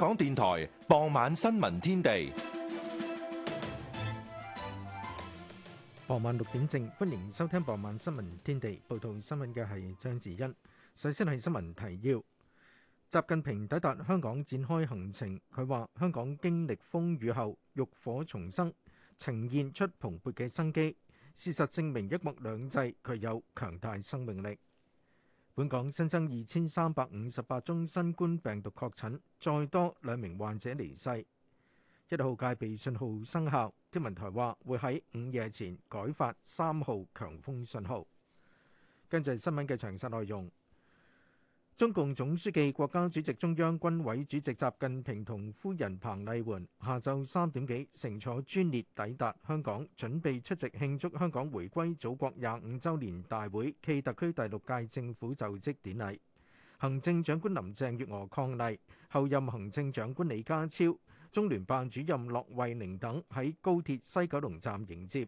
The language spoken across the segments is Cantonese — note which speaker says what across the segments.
Speaker 1: 香港電台傍晚新聞天地，傍晚六點正，歡迎收聽傍晚新聞天地。報道新聞嘅係張子欣，首先係新聞提要。習近平抵達香港展開行程，佢話香港經歷風雨後浴火重生，呈現出蓬勃嘅生機。事實證明一國兩制具有強大生命力。本港新增二千三百五十八宗新冠病毒確診，再多兩名患者離世。一號戒備信號生效，天文台話會喺午夜前改發三號強風信號。跟住係新聞嘅詳細內容。中共總書記、國家主席、中央軍委主席習近平同夫人彭麗媛下晝三點幾乘坐專列抵達香港，準備出席慶祝香港回歸祖國廿五週年大會暨特區第六屆政府就職典禮。行政長官林鄭月娥伉儷，候任行政長官李家超、中聯辦主任駱惠寧等喺高鐵西九龍站迎接。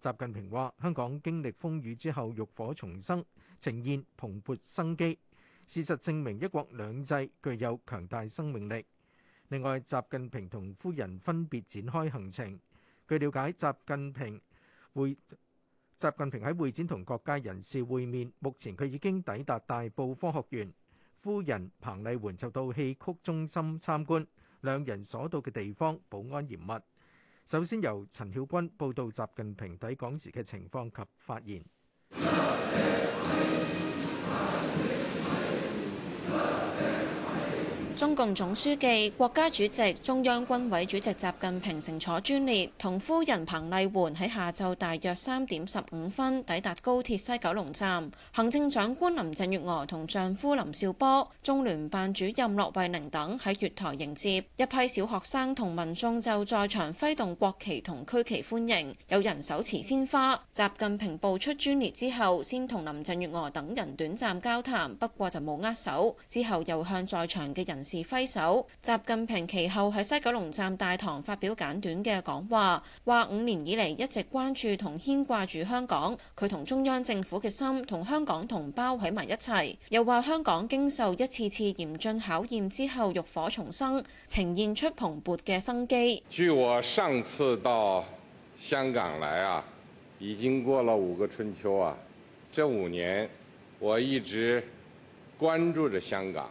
Speaker 1: 習近平話：香港經歷風雨之後，浴火重生，呈現蓬勃生機。事實證明一國兩制具有強大生命力。另外，習近平同夫人分別展開行程。據瞭解，習近平會習近平喺會展同各界人士會面。目前佢已經抵達大埔科學園，夫人彭麗媛就到戲曲中心參觀。兩人所到嘅地方，保安嚴密。首先由陳曉君報道習近平抵港時嘅情況及發言。
Speaker 2: 總書記、國家主席、中央軍委主席習近平乘坐專列，同夫人彭麗媛喺下晝大約三點十五分抵達高鐵西九龍站。行政長官林鄭月娥同丈夫林兆波、中聯辦主任駱惠寧等喺月台迎接一批小學生同民眾就在場揮動國旗同區旗歡迎，有人手持鮮花。習近平步出專列之後先同林鄭月娥等人短暫交談，不過就冇握手。之後又向在場嘅人士。揮手，習近平其後喺西九龍站大堂發表簡短嘅講話，話五年以嚟一直關注同牽掛住香港，佢同中央政府嘅心同香港同胞喺埋一齊，又話香港經受一次次嚴峻考驗之後浴火重生，呈現出蓬勃嘅生機。
Speaker 3: 據我上次到香港來啊，已經過了五個春秋啊，這五年我一直關注着香港。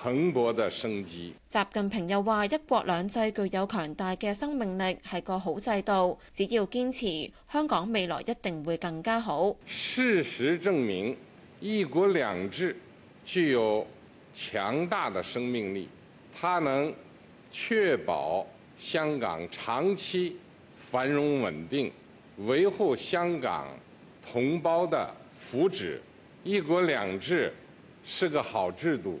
Speaker 3: 蓬勃的生機。
Speaker 2: 習近平又話：一國兩制具有強大嘅生命力，係個好制度。只要堅持，香港未來一定會更加好。
Speaker 3: 事實證明，一國兩制具有強大的生命力，它能確保香港長期繁榮穩定，維護香港同胞的福祉。一國兩制係個好制度。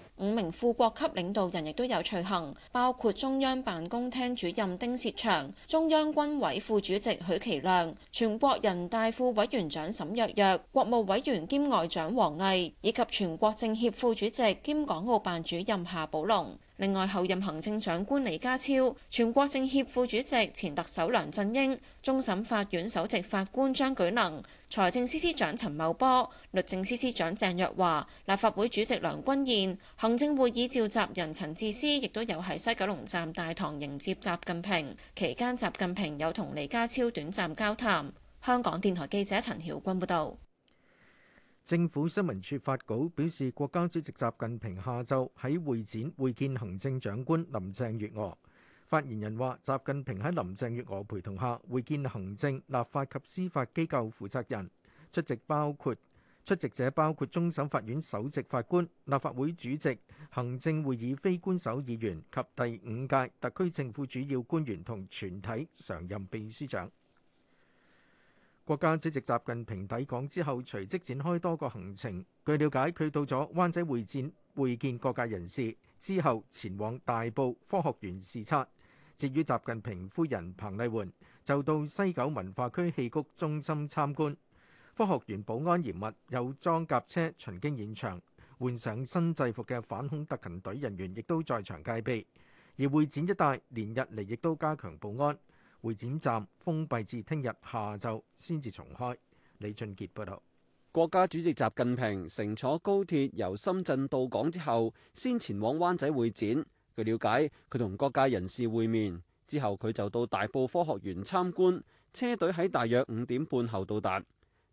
Speaker 2: 五名副國級領導人亦都有隨行，包括中央辦公廳主任丁薛祥、中央軍委副主席許其亮、全國人大副委員長沈躍躍、國務委員兼外長王毅以及全國政協副主席兼港澳辦主任夏寶龍。另外，候任行政長官李家超、全國政協副主席前特首梁振英、終審法院首席法官張舉能、財政司司長陳茂波、律政司司長鄭若驊、立法會主席梁君彥、行政會議召集人陳智思，亦都有喺西九龍站大堂迎接習近平。期間，習近平有同李家超短暫交談。香港電台記者陳曉君報導。
Speaker 1: 政府新聞處發稿表示，國家主席習近平下晝喺會展會見行政長官林鄭月娥。發言人話：習近平喺林鄭月娥陪同下會見行政、立法及司法機構負責人。出席包括出席者包括終審法院首席法官、立法會主席、行政會議非官守議員及第五屆特區政府主要官員同全體常任秘書長。國家主席習近平抵港之後，隨即展開多個行程。據了解，佢到咗灣仔會展會見各界人士，之後前往大埔科學園視察。至於習近平夫人彭麗媛，就到西九文化區戲曲中心參觀。科學園保安嚴密，有裝甲車巡經現場，換上新制服嘅反恐特勤隊人員亦都在場戒備。而會展一帶連日嚟亦都加強保安。.會展站封閉至聽日下晝先至重開。李俊杰報道。
Speaker 4: 國家主席習近平乘坐高鐵由深圳到港之後，先前往灣仔會展。據了解，佢同各界人士會面之後，佢就到大埔科學園參觀。車隊喺大約五點半後到達，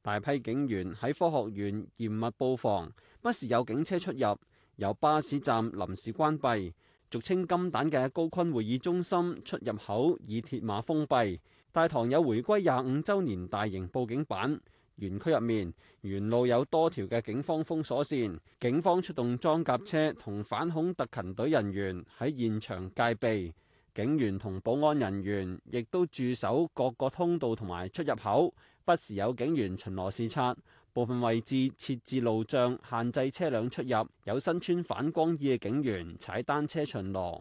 Speaker 4: 大批警員喺科學園嚴密布防，不時有警車出入。有巴士站臨時關閉。俗稱金蛋嘅高錕會議中心出入口以鐵馬封閉，大堂有回歸廿五周年大型報警板，園區入面沿路有多條嘅警方封鎖線，警方出動裝甲車同反恐特勤隊人員喺現場戒備，警員同保安人員亦都駐守各個通道同埋出入口，不時有警員巡邏視察。部分位置設置路障，限制車輛出入。有身穿反光衣嘅警員踩單車巡邏。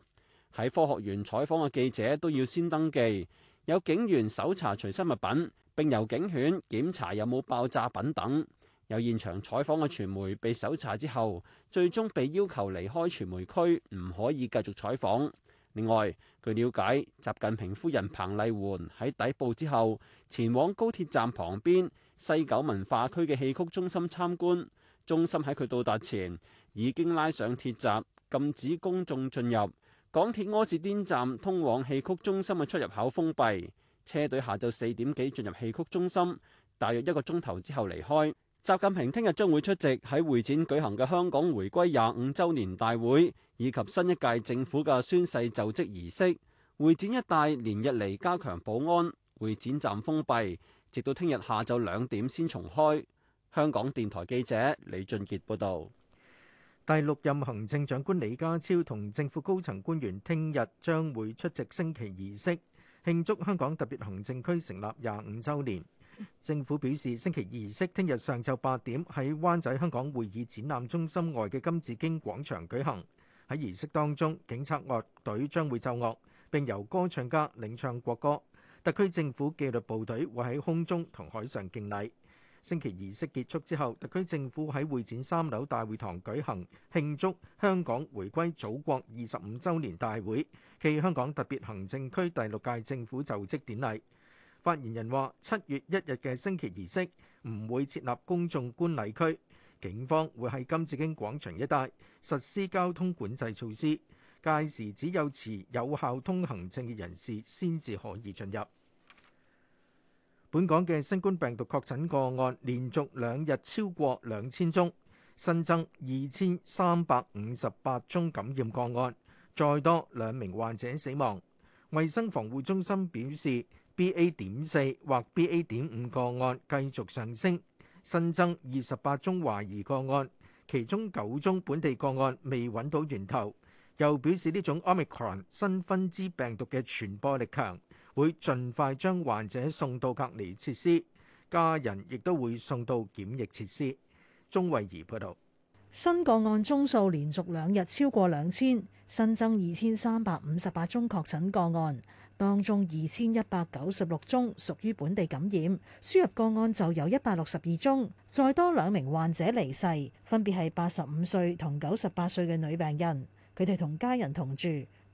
Speaker 4: 喺科學園採訪嘅記者都要先登記，有警員搜查隨身物品，並由警犬檢查有冇爆炸品等。有現場採訪嘅傳媒被搜查之後，最終被要求離開傳媒區，唔可以繼續採訪。另外，據了解，習近平夫人彭麗媛喺抵埗之後，前往高鐵站旁邊。西九文化區嘅戲曲中心參觀，中心喺佢到達前已經拉上鐵閘，禁止公眾進入。港鐵柯士甸站通往戲曲中心嘅出入口封閉，車隊下晝四點幾進入戲曲中心，大約一個鐘頭之後離開。習近平聽日將會出席喺會展舉行嘅香港回歸廿五週年大會，以及新一屆政府嘅宣誓就職儀式。會展一帶連日嚟加強保安，會展站封閉。直到聽日下晝兩點先重開。香
Speaker 1: 港電台記者李俊傑報道，第六任行政長官李家超同政府高層官員聽日將會出席升旗儀式，慶祝香港特別行政區成立廿五週年。政府表示，升旗儀式聽日上晝八點喺灣仔香港會議展覽中心外嘅金紫荊廣場舉行。喺儀式當中，警察樂隊將會奏樂，並由歌唱家領唱國歌。特區政府紀律部隊會喺空中同海上敬禮。升旗儀式結束之後，特區政府喺會展三樓大會堂舉行慶祝香港回歸祖國二十五周年大會暨香港特別行政區第六屆政府就職典禮。發言人話：七月一日嘅升旗儀式唔會設立公眾觀禮區，警方會喺金紫荊廣場一帶實施交通管制措施，屆時只有持有效通行證嘅人士先至可以進入。本港嘅新冠病毒確診個案連續兩日超過兩千宗，新增二千三百五十八宗感染個案，再多兩名患者死亡。衛生防護中心表示，BA. 點四或 BA. 點五個案繼續上升，新增二十八宗懷疑個案，其中九宗本地個案未揾到源頭，又表示呢種 Omicron 新分支病毒嘅傳播力強。會盡快將患者送到隔離設施，家人亦都會送到檢疫設施。鍾慧儀報道：
Speaker 5: 新個案宗數連續兩日超過兩千，新增二千三百五十八宗確診個案，當中二千一百九十六宗屬於本地感染，輸入個案就有一百六十二宗。再多兩名患者離世，分別係八十五歲同九十八歲嘅女病人，佢哋同家人同住。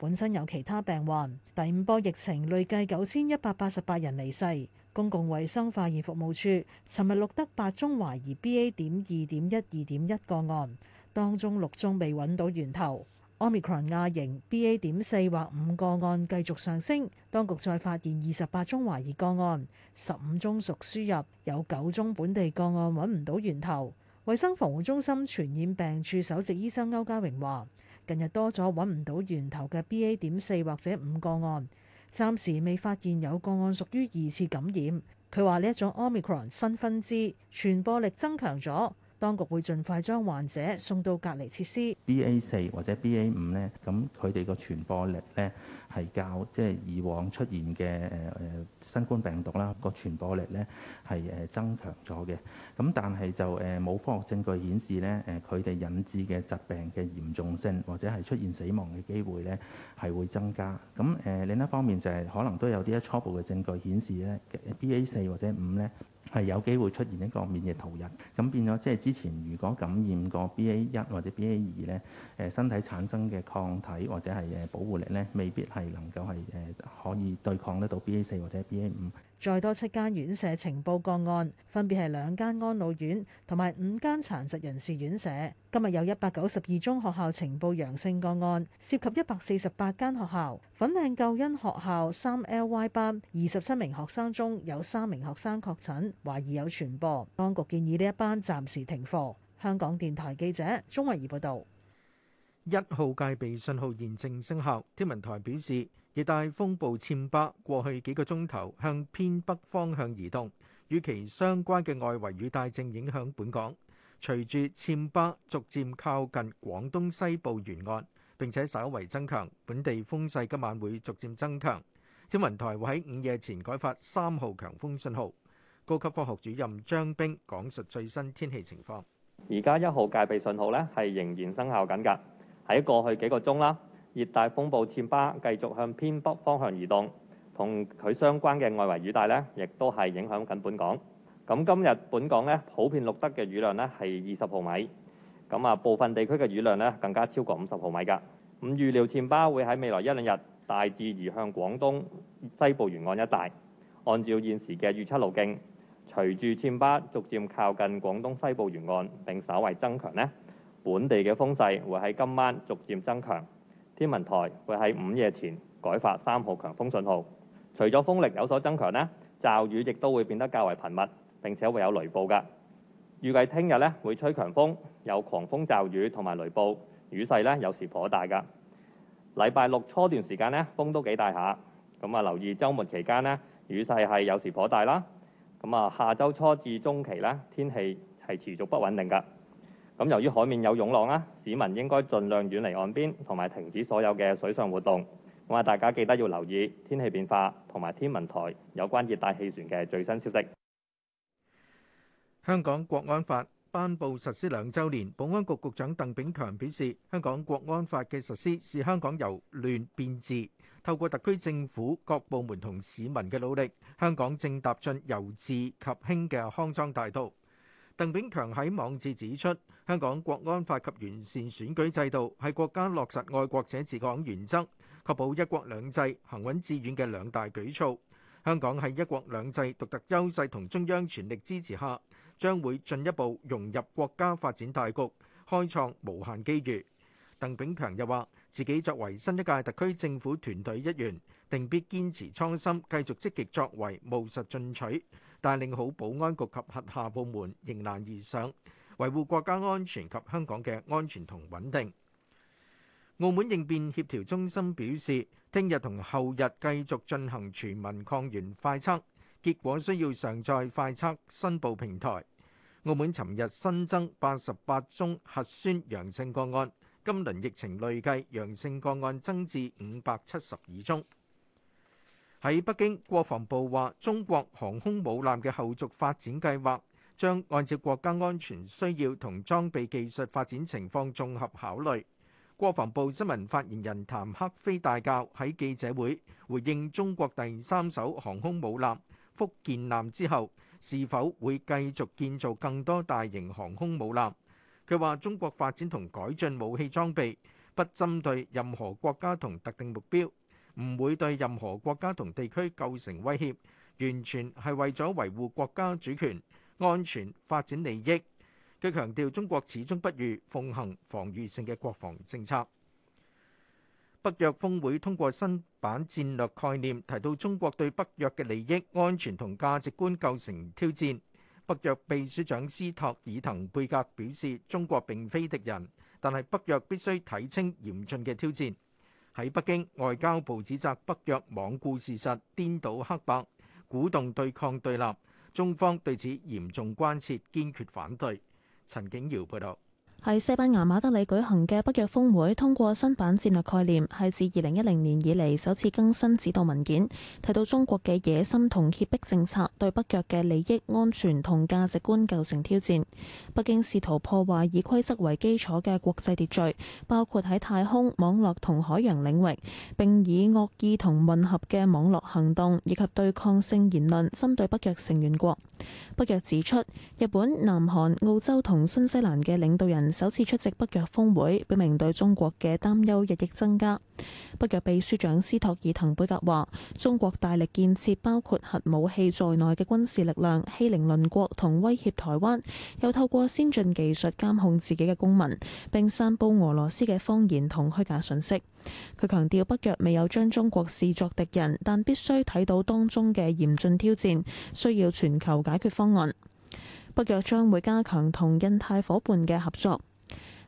Speaker 5: 本身有其他病患，第五波疫情累計九千一百八十八人離世。公共衛生化驗服務處尋日錄得八宗懷疑 BA. 點二點一二點一個案，當中六宗未揾到源頭，Omicron 亞型 BA. 點四或五個案繼續上升，當局再發現二十八宗懷疑個案，十五宗屬輸入，有九宗本地個案揾唔到源頭，衛生防護中心傳染病處首席醫生歐家榮話。近日多咗揾唔到源頭嘅 BA. 點四或者五個案，暫時未發現有個案屬於疑似感染。佢話呢一種 Omicron 新分支傳播力增強咗。當局會盡快將患者送到隔離設施。
Speaker 1: B A 四或者 B A 五咧，咁佢哋個傳播力咧係較即係，就是，以往出現嘅誒新冠病毒啦，個傳播力咧係誒增強咗嘅。咁但係就誒冇科學證據顯示咧誒佢哋引致嘅疾病嘅嚴重性或者係出現死亡嘅機會咧係會增加。咁誒另一方面就係可能都有啲初步嘅證據顯示咧 B A 四或者五咧係有機會出現一個免疫逃逸，咁變咗即係之前如果感染過 BA 一或者 BA 二咧，誒，身體產生嘅抗體或者係誒保護力咧，未必係能夠係誒可以對抗得到 BA 四或者 BA 五。
Speaker 5: 再多七間院舍呈報個案，分別係兩間安老院同埋五間殘疾人士院舍。今日有一百九十二宗學校呈報陽性個案，涉及一百四十八間學校。粉嶺救恩學校三 L Y 班二十七名學生中有三名學生確診，懷疑有傳播。當局建議呢一班暫時停課。香港電台記者鍾慧儀報導。
Speaker 1: 一號戒備信號現正生效，天文台表示，熱帶風暴暹巴過去幾個鐘頭向偏北方向移動，與其相關嘅外圍雨帶正影響本港。隨住暹巴逐漸靠近廣東西部沿岸，並且稍為增強，本地風勢今晚會逐漸增強。天文台會喺午夜前改發三號強風信號。高級科學主任張冰講述最新天氣情況。
Speaker 6: 而家一號戒備信號呢係仍然生效緊㗎，喺過去幾個鐘啦。熱帶風暴暹芭繼續向偏北方向移動，同佢相關嘅外圍雨帶咧，亦都係影響緊本港。咁今日本港咧普遍錄得嘅雨量咧係二十毫米，咁啊部分地區嘅雨量咧更加超過五十毫米㗎。咁預料暹芭會喺未來一兩日大致移向廣東西部沿岸一帶。按照現時嘅預測路徑，隨住暹芭逐漸靠近廣東西部沿岸並稍為增強呢，本地嘅風勢會喺今晚逐漸增強。天文台會喺午夜前改發三號強風信號，除咗風力有所增強呢，驟雨亦都會變得較為頻密，並且會有雷暴㗎。預計聽日咧會吹強風，有狂風驟雨同埋雷暴，雨勢咧有時頗大㗎。禮拜六初段時間咧風都幾大下，咁啊留意週末期間呢雨勢係有時頗大啦。咁啊，下周初至中期咧天氣係持續不穩定㗎。咁由於海面有湧浪啦，市民應該盡量遠離岸邊，同埋停止所有嘅水上活動。咁啊，大家記得要留意天氣變化，同埋天文台有關熱帶氣旋嘅最新消息。
Speaker 1: 香港國安法頒布實施兩週年，保安局局長鄧炳強表示，香港國安法嘅實施是香港由亂變治。透過特區政府各部門同市民嘅努力，香港正踏進由治及興嘅康莊大道。鄧炳強喺網誌指出，香港國安法及完善選舉制度係國家落實愛國者治港原則、確保一國兩制行穩致遠嘅兩大舉措。香港喺一國兩制獨特優勢同中央全力支持下，將會進一步融入國家發展大局，開創無限機遇。鄧炳強又話：自己作為新一屆特區政府團隊一員，定必堅持創新，繼續積極作為，務實進取，帶領好保安局及轄下部門，迎難而上，維護國家安全及香港嘅安全同穩定。澳門應變協調中心表示，聽日同後日繼續進行全民抗原快測，結果需要上載快測申報平台。澳門尋日新增八十八宗核酸陽性個案。今輪疫情累計陽性個案增至五百七十二宗。喺北京，國防部話中國航空母艦嘅後續發展計劃將按照國家安全需要同裝備技術發展情況綜合考慮。國防部新聞發言人譚克非大校喺記者會回應中國第三艘航空母艦福建艦之後，是否會繼續建造更多大型航空母艦。佢話：中國發展同改進武器裝備，不針對任何國家同特定目標，唔會對任何國家同地區構成威脅，完全係為咗維護國家主權、安全、發展利益。佢強調中國始終不渝奉行防禦性嘅國防政策。北約峯會通過新版戰略概念，提到中國對北約嘅利益、安全同價值觀構成挑戰。北約秘書長斯托爾滕貝格表示，中國並非敵人，但係北約必須睇清嚴峻嘅挑戰。喺北京，外交部指責北約罔顧事實、顛倒黑白、鼓動對抗對立，中方對此嚴重關切，堅決反對。陳景堯報道。
Speaker 7: 喺西班牙馬德里舉行嘅北約峰會通過新版戰略概念，係自二零一零年以嚟首次更新指導文件。提到中國嘅野心同脅迫政策對北約嘅利益、安全同價值觀構成挑戰。北京試圖破壞以規則為基礎嘅國際秩序，包括喺太空、網絡同海洋領域，並以惡意同混合嘅網絡行動以及對抗性言論針對北約成員國。北約指出，日本、南韓、澳洲同新西蘭嘅領導人首次出席北約峰會，表明對中國嘅擔憂日益增加。北約秘書長斯托爾滕貝格話：中國大力建設包括核武器在內嘅軍事力量，欺凌鄰國同威脅台灣，又透過先進技術監控自己嘅公民，並散布俄羅斯嘅謊言同虛假信息。佢強調，北約未有將中國視作敵人，但必須睇到當中嘅嚴峻挑戰，需要全球解決方案。北約將會加強同印太夥伴嘅合作。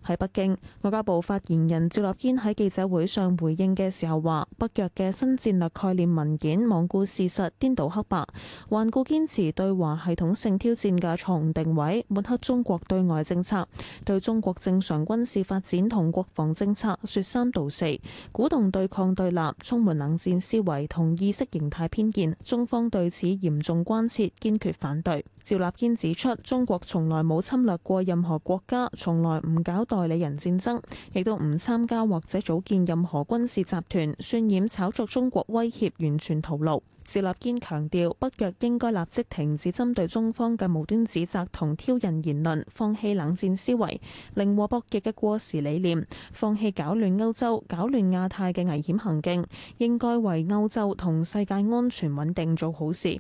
Speaker 7: 喺北京，外交部發言人趙立堅喺記者會上回應嘅時候話，北約嘅新戰略概念文件罔顧事實顛倒黑白，頑固堅持對華系統性挑戰嘅錯誤定位，抹黑中國對外政策，對中國正常軍事發展同國防政策說三道四，鼓動對抗對立，充滿冷戰思維同意識形態偏見，中方對此嚴重關切，堅決反對。趙立堅指出，中國從來冇侵略過任何國家，從來唔搞代理人戰爭，亦都唔參加或者組建任何軍事集團，渲染炒作中國威脅，完全徒勞。趙立堅強調，北約應該立即停止針對中方嘅無端指責同挑釁言論，放棄冷戰思維、零和博弈嘅過時理念，放棄搞亂歐洲、搞亂亞太嘅危險行徑，應該為歐洲同世界安全穩定做好事。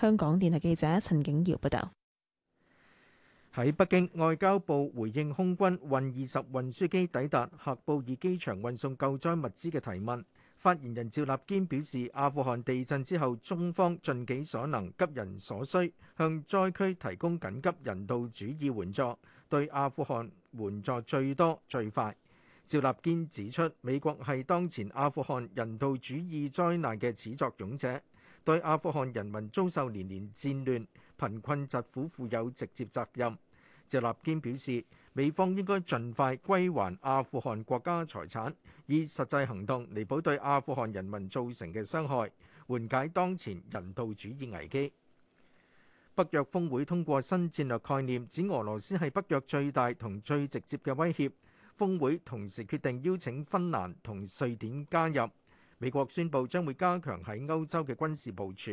Speaker 7: 香港電台記者陳景耀報道。
Speaker 1: 喺北京，外交部回應空軍運二十運輸機抵達喀布爾機場運送救災物資嘅提問。發言人趙立堅表示：阿富汗地震之後，中方盡己所能，急人所需，向災區提供緊急人道主義援助，對阿富汗援助最多最快。趙立堅指出，美國係當前阿富汗人道主義災難嘅始作俑者，對阿富汗人民遭受連連戰亂，貧困疾苦負有直接責任。謝立堅表示，美方應該盡快歸還阿富汗國家財產，以實際行動彌補對阿富汗人民造成嘅傷害，緩解當前人道主義危機。北約峯會通過新戰略概念，指俄羅斯係北約最大同最直接嘅威脅。峯會同時決定邀請芬蘭同瑞典加入。美國宣布將會加強喺歐洲嘅軍事部署。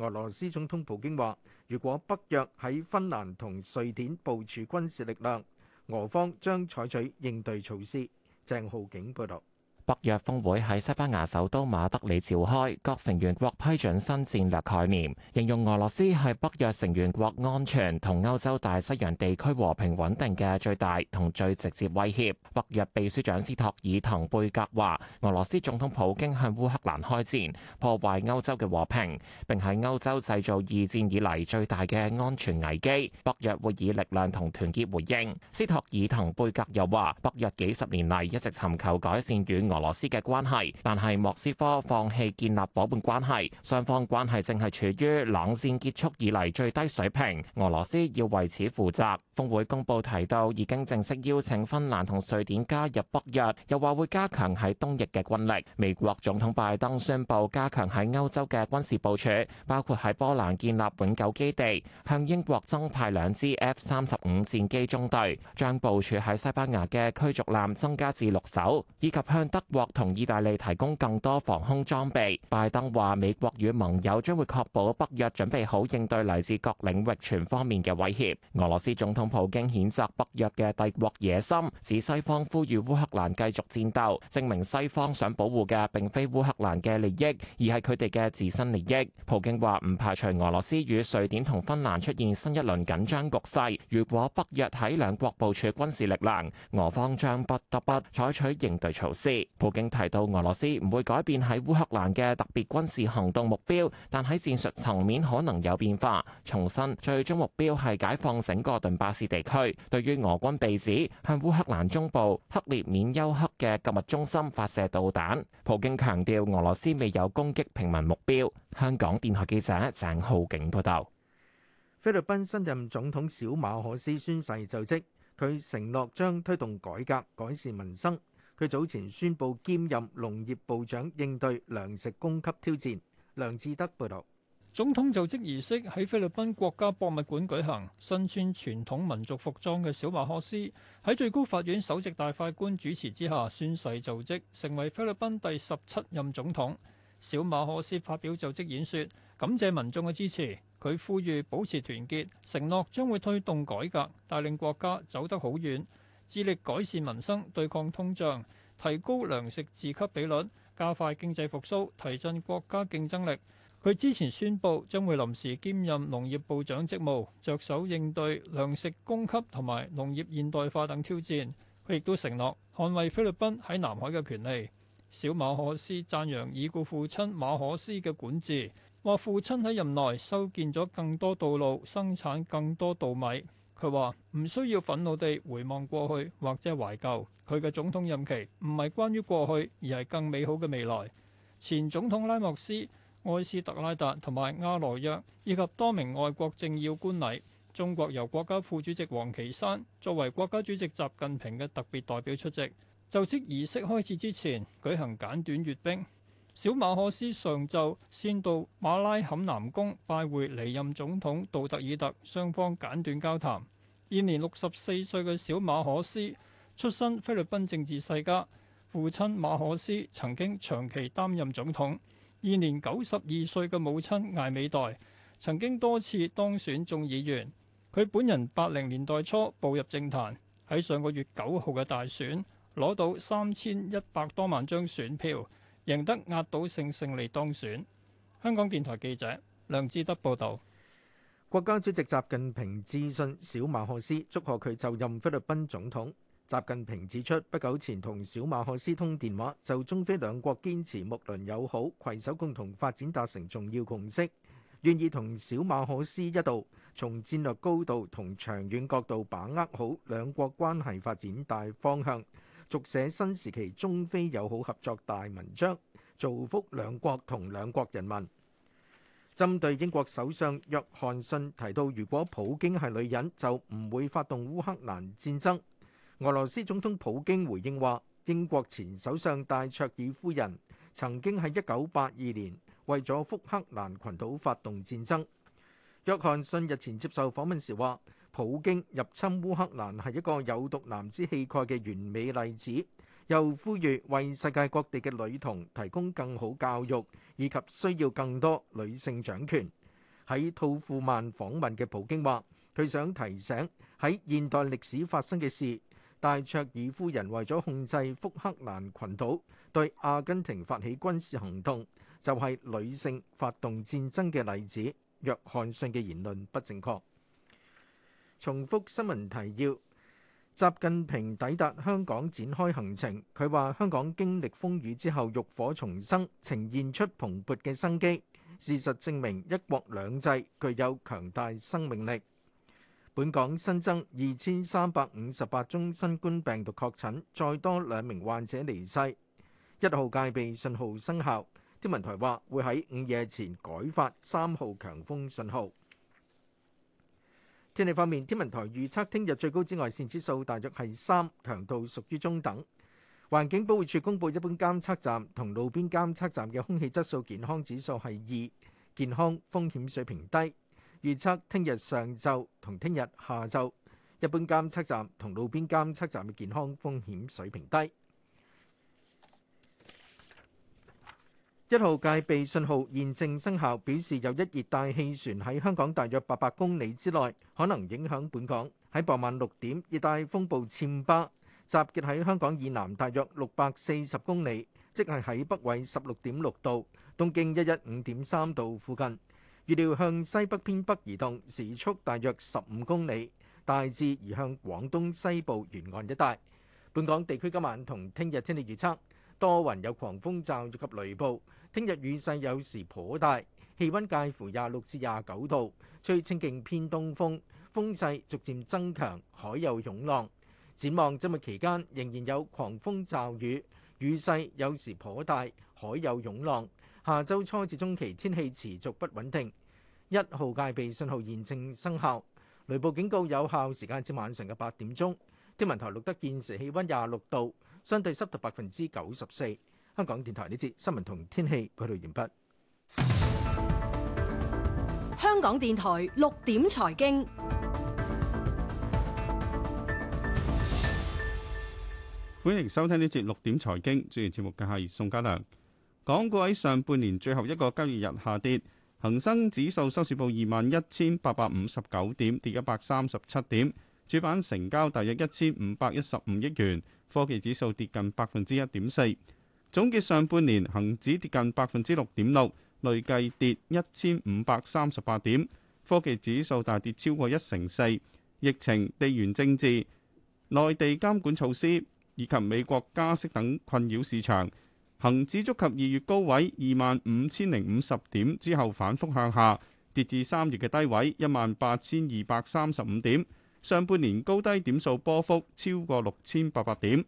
Speaker 1: 俄羅斯總統普京話，如果北約喺芬蘭同瑞典部署軍事力量，俄方將採取應對措施。鄭浩景報導。
Speaker 8: 北約峰會喺西班牙首都馬德里召開，各成員國批准新戰略概念，形容俄羅斯係北約成員國安全同歐洲大西洋地區和平穩定嘅最大同最直接威脅。北約秘書長斯托爾滕貝格話：俄羅斯總統普京向烏克蘭開戰，破壞歐洲嘅和平，並喺歐洲製造二戰以嚟最大嘅安全危機。北約會以力量同團結回應。斯托爾滕貝格又話：北約幾十年嚟一直尋求改善與俄羅斯嘅關係，但係莫斯科放棄建立伙伴關係，雙方關係正係處於冷戰結束以嚟最低水平。俄羅斯要為此負責。峰會公布提到，已經正式邀請芬蘭同瑞典加入北約，又話會加強喺東翼嘅軍力。美國總統拜登宣布加強喺歐洲嘅軍事部署，包括喺波蘭建立永久基地，向英國增派兩支 F 三十五戰機中隊，將部署喺西班牙嘅驅逐艦增加至六艘，以及向德國同意大利提供更多防空裝備。拜登話，美國與盟友將會確保北約準備好應對嚟自各領域全方面嘅威脅。俄羅斯總統普京譴責北約嘅帝國野心，指西方呼籲烏克蘭繼續戰鬥，證明西方想保護嘅並非烏克蘭嘅利益，而係佢哋嘅自身利益。普京話唔排除俄羅斯與瑞典同芬蘭出現新一輪緊張局勢，如果北約喺兩國部署軍事力量，俄方將不得不採取應對措施。普京提到俄羅斯唔會改變喺烏克蘭嘅特別軍事行動目標，但喺戰術層面可能有變化。重申最終目標係解放整個頓巴斯。地區。對於俄軍被指向烏克蘭中部克列緬丘克嘅購物中心發射導彈，普京強調俄羅斯未有攻擊平民目標。香港電台記者鄭浩景報道。
Speaker 1: 菲律賓新任總統小馬可斯宣誓就職，佢承諾將推動改革，改善民生。佢早前宣布兼任農業部長，應對糧食供給挑戰。梁志德報道。
Speaker 9: 總統就職儀式喺菲律賓國家博物館舉行，身穿傳統民族服裝嘅小馬可斯喺最高法院首席大法官主持之下宣誓就職，成為菲律賓第十七任總統。小馬可斯發表就職演說，感謝民眾嘅支持，佢呼籲保持團結，承諾將會推動改革，帶領國家走得好遠，致力改善民生，對抗通脹，提高糧食自給比率，加快經濟復甦，提振國家競爭力。佢之前宣布將會臨時兼任農業部長職務，着手應對糧食供給同埋農業現代化等挑戰。佢亦都承諾捍衛菲律賓喺南海嘅權利。小馬可斯讚揚已故父親馬可斯嘅管治，話父親喺任內修建咗更多道路，生產更多稻米。佢話唔需要憤怒地回望過去或者懷舊。佢嘅總統任期唔係關於過去，而係更美好嘅未來。前總統拉莫斯、埃斯特拉達同埋阿羅約以及多名外國政要觀禮。中國由國家副主席王岐山作為國家主席習近平嘅特別代表出席就職儀式。開始之前舉行簡短閱兵。小馬可斯上晝先到馬拉坎南宮拜會離任總統杜特爾特，雙方簡短交談。現年六十四歲嘅小馬可斯出身菲律賓政治世家，父親馬可斯曾經長期擔任總統。現年九十二歲嘅母親艾美黛曾經多次當選眾議員，佢本人八零年代初步入政壇，喺上個月九號嘅大選攞到三千一百多萬張選票，贏得壓倒性勝利當選。香港電台記者
Speaker 1: 梁志德報道：「國家主席習近平致信小馬哈斯，祝賀佢就任菲律賓總統。習近平指出，不久前同小馬可斯通電話，就中菲兩國堅持睦鄰友好、攜手共同發展達成重要共識，願意同小馬可斯一道從戰略高度同長遠角度把握好兩國關係發展大方向，續寫新時期中菲友好合作大文章，造福兩國同兩國人民。針對英國首相約翰遜提到，如果普京係女人，就唔會發動烏克蘭戰爭。俄羅斯總統普京回應話：英國前首相戴卓爾夫人曾經喺一九八二年為咗福克蘭群島發動戰爭。約翰遜日前接受訪問時話：普京入侵烏克蘭係一個有毒男子氣概嘅完美例子。又呼籲為世界各地嘅女童提供更好教育，以及需要更多女性掌權。喺土庫曼訪問嘅普京話：佢想提醒喺現代歷史發生嘅事。戴卓爾夫人為咗控制福克蘭群島，對阿根廷發起軍事行動，就係女性發動戰爭嘅例子。約翰遜嘅言論不正確。重複新聞提要：習近平抵達香港展開行程，佢話香港經歷風雨之後浴火重生，呈現出蓬勃嘅生機。事實證明，一國兩制具有強大生命力。本港新增二千三百五十八宗新冠病毒確診，再多兩名患者離世。一號戒備信號生效，天文台話會喺午夜前改發三號強風信號。天氣方面，天文台預測聽日最高紫外線指數大約係三，強度屬於中等。環境保護署公布一般監測站同路邊監測站嘅空氣質素健康指數係二，健康風險水平低。預測聽日上晝同聽日下晝，一般監測站同路邊監測站嘅健康風險水平低。一 號戒備信號現正生效，表示有一熱帶氣旋喺香港大約八百公里之內，可能影響本港。喺傍晚六點，熱帶風暴暹芭集結喺香港以南大約六百四十公里，即係喺北緯十六點六度、東經一一五點三度附近。預料向西北偏北移動，時速大約十五公里，大致移向廣東西部沿岸一帶。本港地區今晚同聽日天氣預測多雲有狂風驟雨及雷暴，聽日雨勢有時頗大，氣温介乎廿六至廿九度，吹清勁偏東風，風勢逐漸增強，海有湧浪。展望週末期間仍然有狂風驟雨，雨勢有時頗大，海有湧浪。下週初至中期天氣持續不穩定。一號戒備信號現正生效，雷暴警告有效時間至晚上嘅八點鐘。天文台錄得現時氣溫廿六度，相對濕度百分之九十四。香港電台呢節新聞同天氣報道完畢。
Speaker 5: 香港電台六點財經，
Speaker 10: 歡迎收聽呢節六點財經。主持節目嘅係宋家良。港股喺上半年最後一個交易日下跌。恒生指數收市報二萬一千八百五十九點，跌一百三十七點。主板成交大約一千五百一十五億元。科技指數跌近百分之一點四。總結上半年，恒指跌近百分之六點六，累計跌一千五百三十八點。科技指數大跌超過一成四。疫情、地緣政治、內地監管措施以及美國加息等困擾市場。恒指觸及二月高位二萬五千零五十點，之後反覆向下，跌至三月嘅低位一萬八千二百三十五點。上半年高低點數波幅超過六千八百點。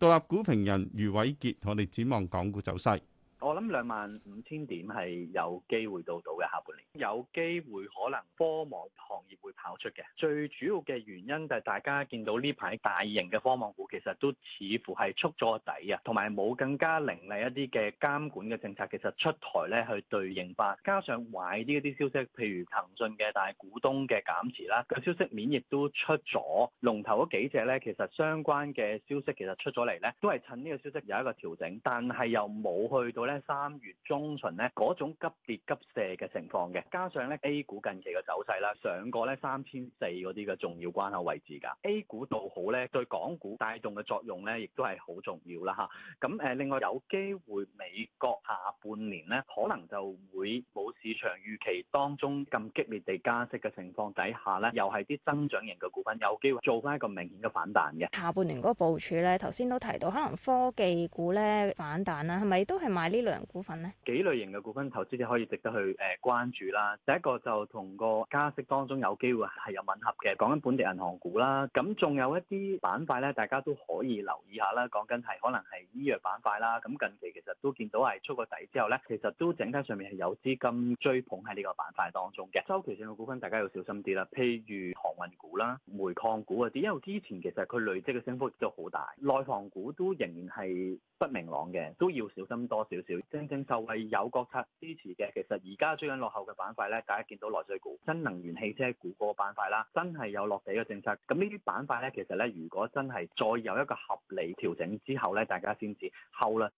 Speaker 10: 獨立股評人余偉傑，我哋展望港股走勢。
Speaker 11: 我諗兩萬五千點係有機會到到嘅下半年，有機會可能科網行業會跑出嘅。最主要嘅原因就係大家見到呢排大型嘅科網股其實都似乎係觸咗底啊，同埋冇更加凌厲一啲嘅監管嘅政策其實出台咧去對應翻。加上壞啲一啲消息，譬如騰訊嘅大股東嘅減持啦，個消息面亦都出咗。龍頭嗰幾隻咧，其實相關嘅消息其實出咗嚟咧，都係趁呢個消息有一個調整，但係又冇去到。咧三月中旬咧嗰種急跌急瀉嘅情況嘅，加上咧 A 股近期嘅走勢啦，上過咧三千四嗰啲嘅重要關口位置㗎。A 股道好咧，對港股帶動嘅作用咧，亦都係好重要啦吓。咁誒，另外有機會美國下半年咧，可能就會冇市場預期當中咁激烈地加息嘅情況底下咧，又係啲增長型嘅股份有機會做翻一個明顯嘅反彈嘅。下
Speaker 7: 半年嗰個部署咧，頭先都提到，可能科技股咧反彈啦、啊，係咪都係買呢、呢個類股份，呢
Speaker 11: 幾類型嘅股份投資者可以值得去誒，關注啦。第一個就同個加息當中有機會係有吻合嘅，講緊本地銀行股啦。咁仲有一啲板塊呢，大家都可以留意下啦。講緊係可能係醫藥板塊啦。咁近期其實都見到係出個底之後呢，其實都整體上面係有資金追捧喺呢個板塊當中嘅。週期性嘅股份大家要小心啲啦，譬如航運股啦、煤礦股嗰啲，因為之前其實佢累積嘅升幅都好大。內房股都仍然係不明朗嘅，都要小心多少。正正就係有國策支持嘅，其實而家最近落後嘅板塊咧，大家見到內水股、新能源汽車股嗰個板塊啦，真係有落地嘅政策。咁呢啲板塊呢，其實呢，如果真係再有一個合理調整之後呢，大家先至後啦。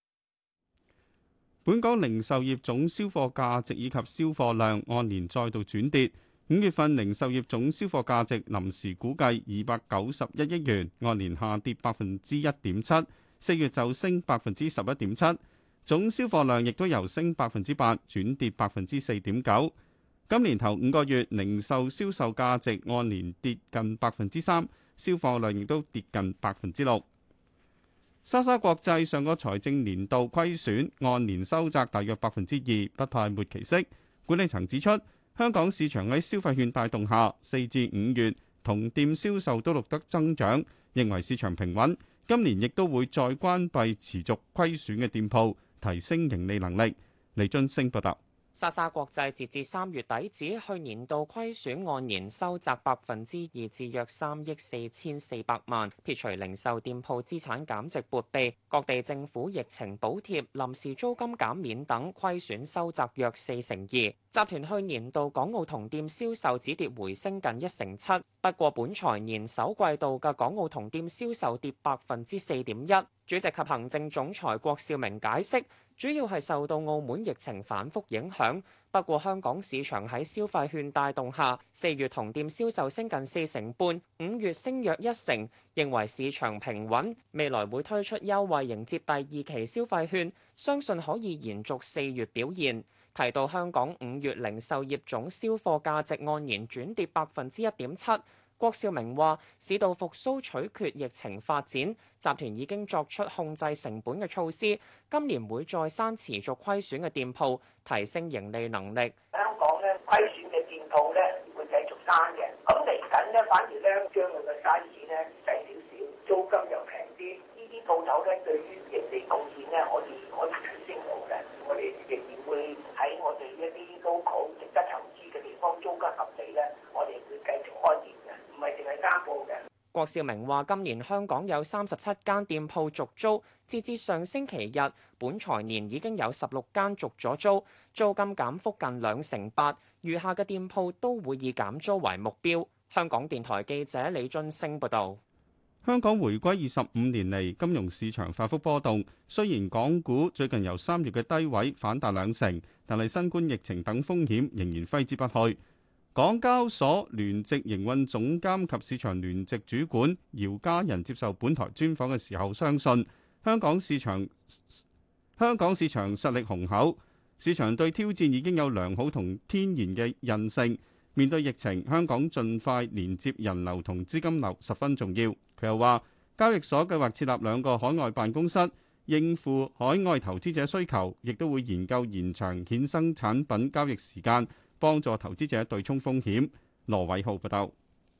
Speaker 10: 本港零售業總銷貨價值以及銷貨量按年再度轉跌，五月份零售業總銷貨價值臨時估計二百九十一億元，按年下跌百分之一點七，四月就升百分之十一點七。總銷貨量亦都由升百分之八轉跌百分之四點九。今年頭五個月零售銷售價值按年跌近百分之三，銷貨量亦都跌近百分之六。莎莎國際上個財政年度虧損按年收窄大約百分之二，不派末期息。管理層指出，香港市場喺消費券帶動下，四至五月同店銷售都錄得增長，認為市場平穩。今年亦都會再關閉持續虧損嘅店鋪。提升盈利能力，李津升報道。
Speaker 12: 莎莎國際截至三月底止，去年度虧損按年收窄百分之二至約三億四千四百萬，撇除零售店鋪資產減值撥備、各地政府疫情補貼、臨時租金減免等，虧損收窄約四成二。集團去年度港澳同店銷售止跌回升近一成七，不過本財年首季度嘅港澳同店銷售售跌百分之四點一。主席及行政總裁郭少明解釋，主要係受到澳門疫情反覆影響。不過香港市場喺消費券帶動下，四月同店銷售升近四成半，五月升約一成，認為市場平穩，未來會推出優惠迎接第二期消費券，相信可以延續四月表現。提到香港五月零售業總銷貨價值按年轉跌百分之一點七。郭少明話：市道復甦取決疫情發展，集團已經作出控制成本嘅措施，今年會再閂持續虧損嘅店鋪，提升盈利能力。香
Speaker 2: 港咧虧損嘅店
Speaker 12: 鋪咧會繼續閂嘅，咁嚟緊呢，反而咧將佢嘅 size 咧細少少，租金又平啲，呢啲鋪頭咧對於盈利貢獻咧，可以可以提升到嘅，我哋仍然會喺我哋一啲高檔值得投資嘅地方，租金合理咧，我哋。郭少明話：今年香港有三十七間店鋪續租，截至上星期日，本財年已經有十六間續咗租，租金減幅近兩成八，餘下嘅店鋪都會以減租為目標。香港電台記者李俊升報道。
Speaker 10: 香港回歸二十五年嚟，金融市場大幅波動。雖然港股最近由三月嘅低位反彈兩成，但係新冠疫情等風險仍然揮之不去。港交所聯席營運總監及市場聯席主管姚嘉仁接受本台專訪嘅時候，相信香港市場香港市場實力雄厚，市場對挑戰已經有良好同天然嘅韌性。面對疫情，香港盡快連接人流同資金流十分重要。佢又話，交易所計劃設立兩個海外辦公室應付海外投資者需求，亦都會研究延長衍生產品交易時間。幫助投資者對沖風險。羅偉浩報道。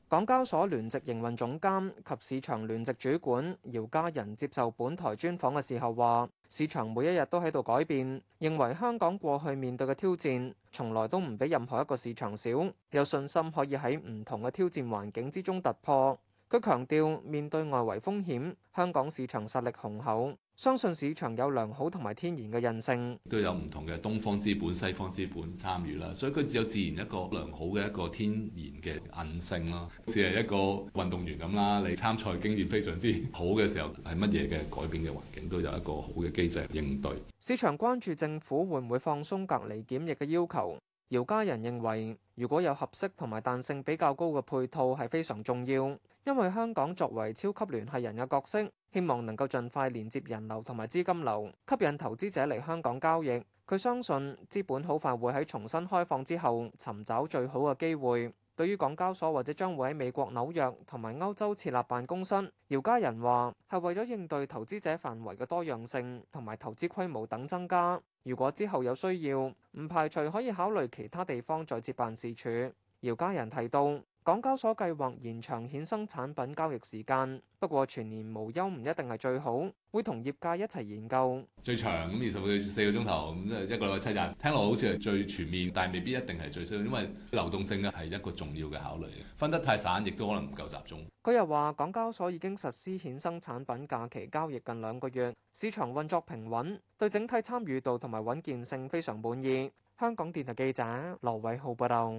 Speaker 13: 港交所聯席營運總監及市場聯席主管姚家仁接受本台專訪嘅時候話，市場每一日都喺度改變，認為香港過去面對嘅挑戰從來都唔比任何一個市場少，有信心可以喺唔同嘅挑戰環境之中突破。佢強調，面對外圍風險，香港市場實力雄厚。相信市場有良好同埋天然嘅韌性，都有唔
Speaker 3: 同嘅東方資本、西方資本參與啦，所以佢只有自然一個良好嘅一個天然嘅韌性咯。只係一個運動員咁啦，你參賽經驗非常之好嘅時候，係乜嘢嘅改變嘅環境都有一個好嘅機制應對。
Speaker 13: 市場關注政府會唔會放鬆隔離檢疫嘅要求？姚家人認為，如果有合適同埋彈性比較高嘅配套係非常重要，因為香港作為超級聯繫人嘅角色。希望能夠盡快連接人流同埋資金流，吸引投資者嚟香港交易。佢相信資本好快會喺重新開放之後尋找最好嘅機會。對於港交所或者將會喺美國紐約同埋歐洲設立辦公室，姚家仁話係為咗應對投資者範圍嘅多樣性同埋投資規模等增加。如果之後有需要，唔排除可以考慮其他地方再設辦事處。姚家仁提到。港交所計劃延長衍生產品交易時間，不過全年無休唔一定係最好，會同業界一齊研究。
Speaker 3: 最長咁二十四個鐘頭，咁即係一個禮拜七日。聽落好似係最全面，但係未必一定係最需要，因為流動性啊係一個重要嘅考慮。分得太散，亦都可能唔夠集中。
Speaker 13: 佢又話：港交所已經實施衍生產品假期交易近兩個月，市場運作平穩，對整體參與度同埋穩健性非常滿意。香港電台記者羅偉浩報道。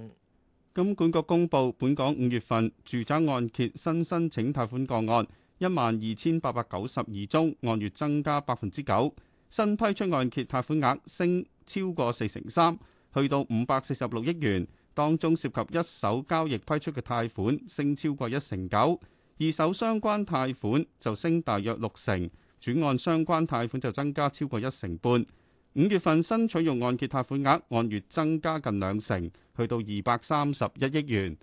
Speaker 10: 金管局公布，本港五月份住宅按揭新申請貸款個案一萬二千八百九十二宗，按月增加百分之九。新批出按揭貸款額升超過四成三，去到五百四十六億元。當中涉及一手交易批出嘅貸款升超過一成九，二手相關貸款就升大約六成，轉按相關貸款就增加超過一成半。五月份新取用按揭貸款額按月增加近兩成，去到二百三十一億元。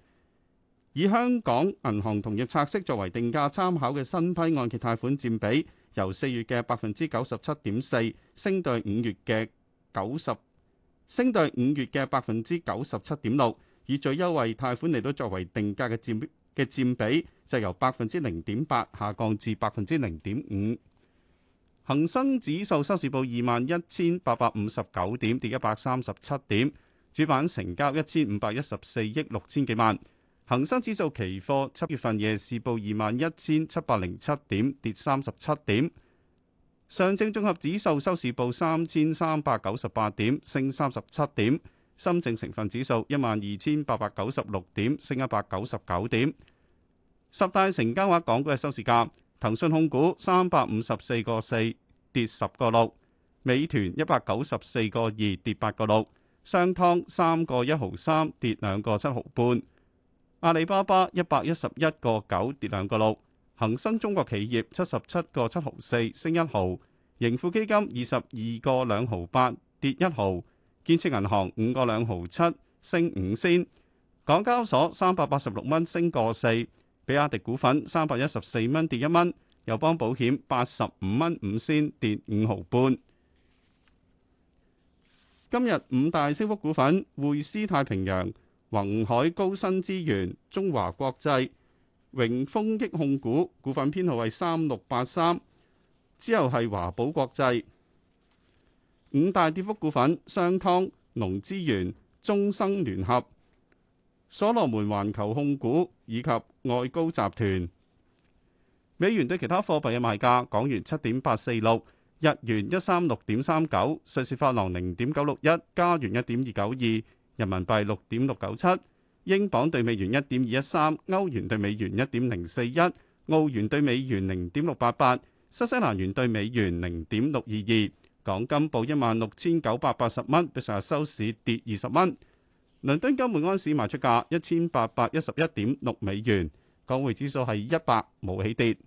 Speaker 10: 以香港銀行同業拆息作為定價參考嘅新批按揭貸款佔比，由四月嘅百分之九十七點四升到五月嘅九十，升到五月嘅百分之九十七點六。以最優惠貸款嚟到作為定價嘅佔嘅佔比，就由百分之零點八下降至百分之零點五。恒生指數收市報二萬一千八百五十九點，跌一百三十七點。主板成交一千五百一十四億六千幾萬。恒生指數期貨七月份夜市報二萬一千七百零七點，跌三十七點。上證綜合指數收市報三千三百九十八點，升三十七點。深證成分指數一萬二千八百九十六點，升一百九十九點。十大成交額港股嘅收市價。騰訊控股三百五十四個四跌十個六，美團一百九十四個二跌八個六，商湯三個一毫三跌兩個七毫半，阿里巴巴一百一十一個九跌兩個六，恒生中國企業七十七個七毫四升一毫，盈富基金二十二個兩毫八跌一毫，建設銀行五個兩毫七升五仙，港交所三百八十六蚊升個四。比亞迪股份三百一十四蚊跌一蚊，友邦保險八十五蚊五仙跌五毫半。今日五大升幅股份：匯思太平洋、宏海高新資源、中華國際、榮豐益控股股份編號係三六八三。之後係華寶國際。五大跌幅股份：商湯、農資源、中生聯合。所羅門環球控股以及外高集團。美元對其他貨幣嘅賣價：港元七點八四六，日元一三六點三九，瑞士法郎零點九六一，加元一點二九二，人民幣六點六九七，英鎊兌美元一點二一三，歐元兌美元一點零四一，澳元兌美元零點六八八，新西蘭元兌美元零點六二二。港金報一萬六千九百八十蚊，比上日收市跌二十蚊。倫敦金每安士賣出價一千八百一十一點六美元，港匯指數係一百，無起跌。